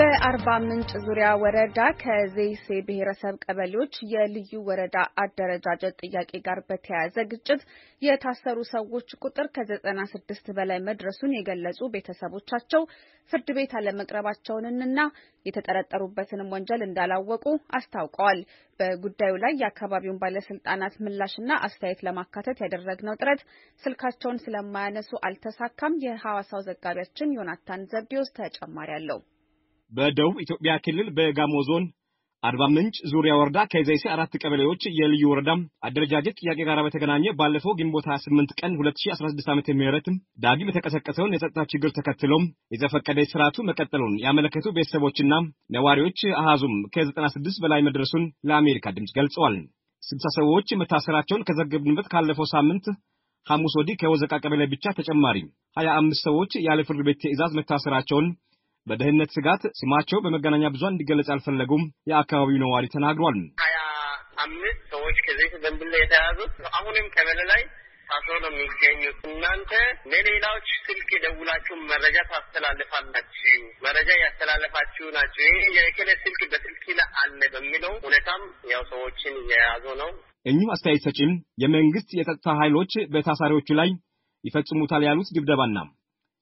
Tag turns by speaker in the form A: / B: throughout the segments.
A: በአርባ ምንጭ ዙሪያ ወረዳ ከዘይሴ ብሔረሰብ ቀበሌዎች የልዩ ወረዳ አደረጃጀት ጥያቄ ጋር በተያያዘ ግጭት የታሰሩ ሰዎች ቁጥር ከዘጠና ስድስት በላይ መድረሱን የገለጹ ቤተሰቦቻቸው ፍርድ ቤት አለመቅረባቸውንና የተጠረጠሩበትንም ወንጀል እንዳላወቁ አስታውቀዋል። በጉዳዩ ላይ የአካባቢውን ባለስልጣናት ምላሽና አስተያየት ለማካተት ያደረግነው ጥረት ስልካቸውን ስለማያነሱ አልተሳካም። የሐዋሳው ዘጋቢያችን ዮናታን ዘብዲዮስ ተጨማሪ አለው።
B: በደቡብ ኢትዮጵያ ክልል በጋሞ ዞን አርባ ምንጭ ዙሪያ ወረዳ ከዘይሴ አራት ቀበሌዎች የልዩ ወረዳ አደረጃጀት ጥያቄ ጋር በተገናኘ ባለፈው ግንቦት 28 ቀን 2016 ዓ.ም ዳግም የተቀሰቀሰውን የጸጥታ ችግር ተከትሎም የዘፈቀደ ስርዓቱ መቀጠሉን ያመለከቱ ቤተሰቦችና ነዋሪዎች አሃዙም ከ96 በላይ መድረሱን ለአሜሪካ ድምፅ ገልጸዋል። ስልሳ ሰዎች መታሰራቸውን ከዘገብንበት ካለፈው ሳምንት ሐሙስ ወዲህ ከወዘቃ ቀበሌ ብቻ ተጨማሪ 25 ሰዎች ያለ ፍርድ ቤት ትዕዛዝ መታሰራቸውን በደህንነት ስጋት ስማቸው በመገናኛ ብዙኃን እንዲገለጽ ያልፈለጉም የአካባቢው ነዋሪ ተናግሯል።
A: ሀያ አምስት ሰዎች ከዚህ ዘንብላ የተያዙት አሁንም ቀበሌ ላይ ታስሮ ነው የሚገኙት። እናንተ ለሌላዎች ስልክ ደውላችሁ መረጃ ታስተላልፋላችሁ፣ መረጃ ያስተላለፋችሁ ናቸው። ይህ የክለ ስልክ በስልክ ላ አለ በሚለው ሁኔታም ያው ሰዎችን እየያዙ
B: ነው። እኚሁ አስተያየት ሰጪም የመንግስት የጸጥታ ኃይሎች በታሳሪዎቹ ላይ ይፈጽሙታል ያሉት ድብደባና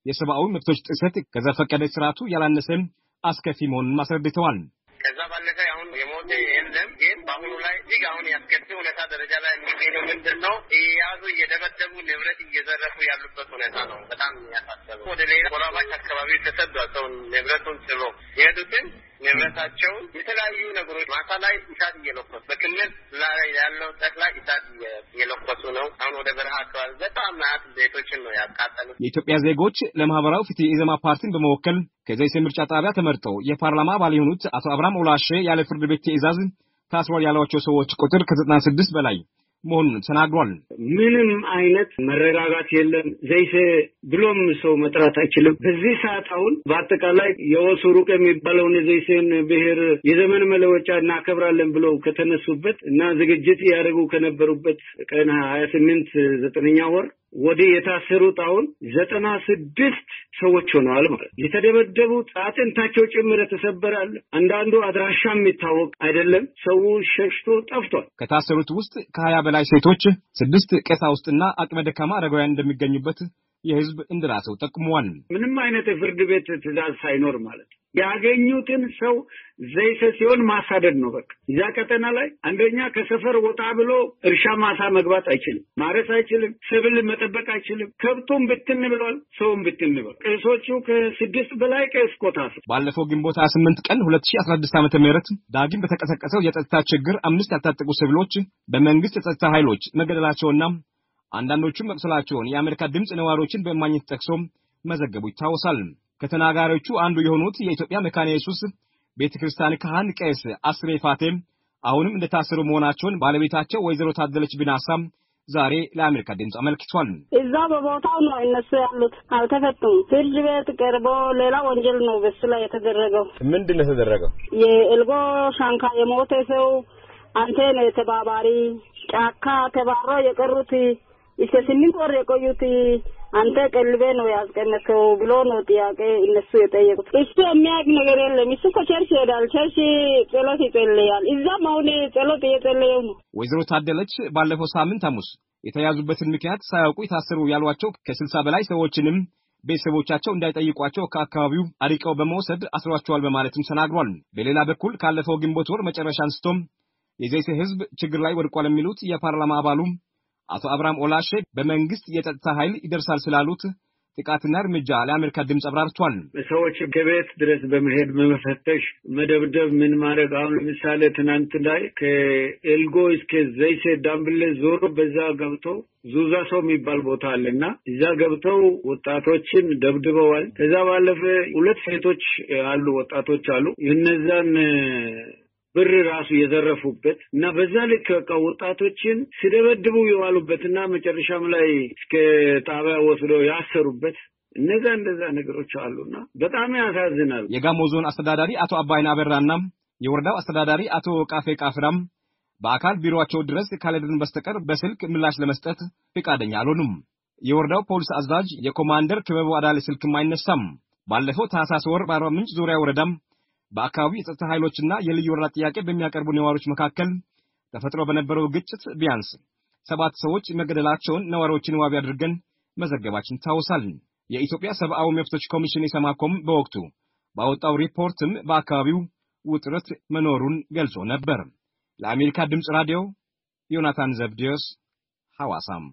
B: የሰብአዊ መብቶች ጥሰት ከዘፈቀደ ስርዓቱ ያላነሰም አስከፊ መሆኑን አስረድተዋል።
A: ከዛ ባለፈ አሁን የሞተ የለም። ግን በአሁኑ ላይ እጅግ አሁን ያስከፊ ሁኔታ ደረጃ ላይ የሚገኘው ምንድን ነው? እየያዙ እየደበደቡ ንብረት እየዘረፉ ያሉበት ሁኔታ ነው። በጣም ያሳሰበ ወደ ሌላ ጎራባች አካባቢ ተሰዷል። ሰውን ንብረቱን ስሎ የሄዱትን ንብረታቸውን የተለያዩ ነገሮች ማታ ላይ እሳት እየለኮሱ በክልል ላይ ያለው ጠቅላይ እሳት ነው። አሁን ወደ በረሃ አካባቢ በጣም ናት ቤቶችን ነው ያቃጠሉት።
B: የኢትዮጵያ ዜጎች ለማህበራዊ ፍትህ ኢዜማ ፓርቲን በመወከል ከዘይሴ ምርጫ ጣቢያ ተመርጠው የፓርላማ አባል የሆኑት አቶ አብርሃም ኦላሼ ያለ ፍርድ ቤት ትዕዛዝ ታስሯል ያሏቸው ሰዎች ቁጥር ከዘጠና ስድስት በላይ መሆኑን ተናግሯል።
C: ምንም አይነት መረጋጋት የለም። ዘይሴ ብሎም ሰው መጥራት አይችልም። በዚህ ሰዓት አሁን በአጠቃላይ የወሱ ሩቅ የሚባለውን የዘይሴን ብሔር የዘመን መለወጫ እናከብራለን ብለው ከተነሱበት እና ዝግጅት ያደረጉ ከነበሩበት ቀን ሀያ ስምንት ዘጠነኛ ወር ወደ የታሰሩት አሁን ዘጠና ስድስት ሰዎች ሆነዋል ማለት የተደበደቡት አጥንታቸው ጭምር የተሰበረ አለ። አንዳንዱ አድራሻ የሚታወቅ አይደለም። ሰው ሸሽቶ ጠፍቷል።
B: ከታሰሩት ውስጥ ከሀያ በላይ ሴቶች፣ ስድስት ቀሳውስትና አቅመ ደካማ አረጋውያን እንደሚገኙበት የህዝብ እንደራሴው ጠቅሟል።
C: ምንም አይነት የፍርድ ቤት ትዕዛዝ ሳይኖር ማለት ያገኙትን ሰው ዘይሰ ሲሆን ማሳደድ ነው። በቃ እዛ ቀጠና ላይ አንደኛ ከሰፈር ወጣ ብሎ እርሻ ማሳ መግባት አይችልም፣ ማረስ አይችልም፣ ሰብል መጠበቅ አይችልም። ከብቱም ብትን ብሏል፣ ሰውም ብትን ብሏል። ቄሶቹ ከስድስት በላይ ቄስ ኮታስ
B: ባለፈው ግንቦት ሀያ ስምንት ቀን ሁለት ሺ አስራ ስድስት ዓመተ ምህረት ዳግም በተቀሰቀሰው የጸጥታ ችግር አምስት ያልታጠቁ ሲቪሎች በመንግስት የጸጥታ ኃይሎች መገደላቸውና አንዳንዶቹም መቁሰላቸውን የአሜሪካ ድምፅ ነዋሪዎችን በማግኘት ጠቅሶ መዘገቡ ይታወሳል። ከተናጋሪዎቹ አንዱ የሆኑት የኢትዮጵያ መካነ ኢየሱስ ቤተ ክርስቲያን ካህን ቄስ አስሬ ፋቴ አሁንም እንደታሰሩ መሆናቸውን ባለቤታቸው ወይዘሮ ታደለች ቢናሳ ዛሬ ለአሜሪካ ድምፅ አመልክቷል።
C: እዛ በቦታው ነው እነሱ ያሉት፣ አልተፈቱም። ፍርድ ቤት ቀርቦ ሌላ ወንጀል ነው በሱ ላይ የተደረገው።
B: ምንድን ነው የተደረገው?
C: የእልጎ ሻንካ የሞተ ሰው አንተ ነው የተባባሪ ጫካ ተባሮ የቀሩት እስከ ስምንት ወር የቆዩት አንተ ቀልቤ ነው ያስቀነከው ብሎ ነው ጥያቄ እነሱ የጠየቁት። እሱ የሚያውቅ ነገር የለም። እሱ እኮ ይሄዳል፣ ቸርች ጸሎት ይጸልያል። እዛም አሁን ጸሎት እየጸለየው ነው።
B: ወይዘሮ ታደለች ባለፈው ሳምንት ሐሙስ የተያዙበትን ምክንያት ሳያውቁ የታሰሩ ያሏቸው ከስልሳ በላይ ሰዎችንም ቤተሰቦቻቸው እንዳይጠይቋቸው ከአካባቢው አሪቀው በመውሰድ አስሯቸዋል በማለትም ተናግሯል። በሌላ በኩል ካለፈው ግንቦት ወር መጨረሻ አንስቶም የዘይሴ ሕዝብ ችግር ላይ ወድቋል የሚሉት የፓርላማ አባሉ አቶ አብርሃም ኦላሼ በመንግስት የጸጥታ ኃይል ይደርሳል ስላሉት ጥቃትና እርምጃ ለአሜሪካ ድምፅ አብራርቷል።
C: ሰዎች ከቤት ድረስ በመሄድ በመፈተሽ መደብደብ፣ ምን ማድረግ አሁን ለምሳሌ ትናንት ላይ ከኤልጎ እስከ ዘይሴ ዳምብሌ ዞሮ በዛ ገብቶ ዙዛ ሰው የሚባል ቦታ አለ እና እዛ ገብተው ወጣቶችን ደብድበዋል። ከዛ ባለፈ ሁለት ሴቶች አሉ፣ ወጣቶች አሉ እነዛን ብር ራሱ የዘረፉበት እና በዛ ልክ በቃ ወጣቶችን ሲደበድቡ የዋሉበትና መጨረሻም ላይ እስከ ጣቢያ ወስዶ ያሰሩበት እነዛ እንደዛ ነገሮች አሉና
B: በጣም ያሳዝናል። የጋሞ ዞን አስተዳዳሪ አቶ አባይን አበራና የወረዳው አስተዳዳሪ አቶ ቃፌ ቃፍራም በአካል ቢሮቸው ድረስ ካልሄድን በስተቀር በስልክ ምላሽ ለመስጠት ፈቃደኛ አልሆኑም። የወረዳው ፖሊስ አዛዥ የኮማንደር ክበቡ አዳሌ ስልክም አይነሳም። ባለፈው ታህሳስ ወር በአርባ ምንጭ ዙሪያ ወረዳም በአካባቢው የጸጥታ ኃይሎችና የልዩ ወረዳ ጥያቄ በሚያቀርቡ ነዋሪዎች መካከል ተፈጥሮ በነበረው ግጭት ቢያንስ ሰባት ሰዎች መገደላቸውን ነዋሪዎችን ዋቢ አድርገን መዘገባችን ይታወሳል። የኢትዮጵያ ሰብአዊ መብቶች ኮሚሽን የሰማኮም በወቅቱ ባወጣው ሪፖርትም በአካባቢው ውጥረት መኖሩን ገልጾ ነበር። ለአሜሪካ ድምፅ ራዲዮ ዮናታን ዘብዲዮስ ሐዋሳም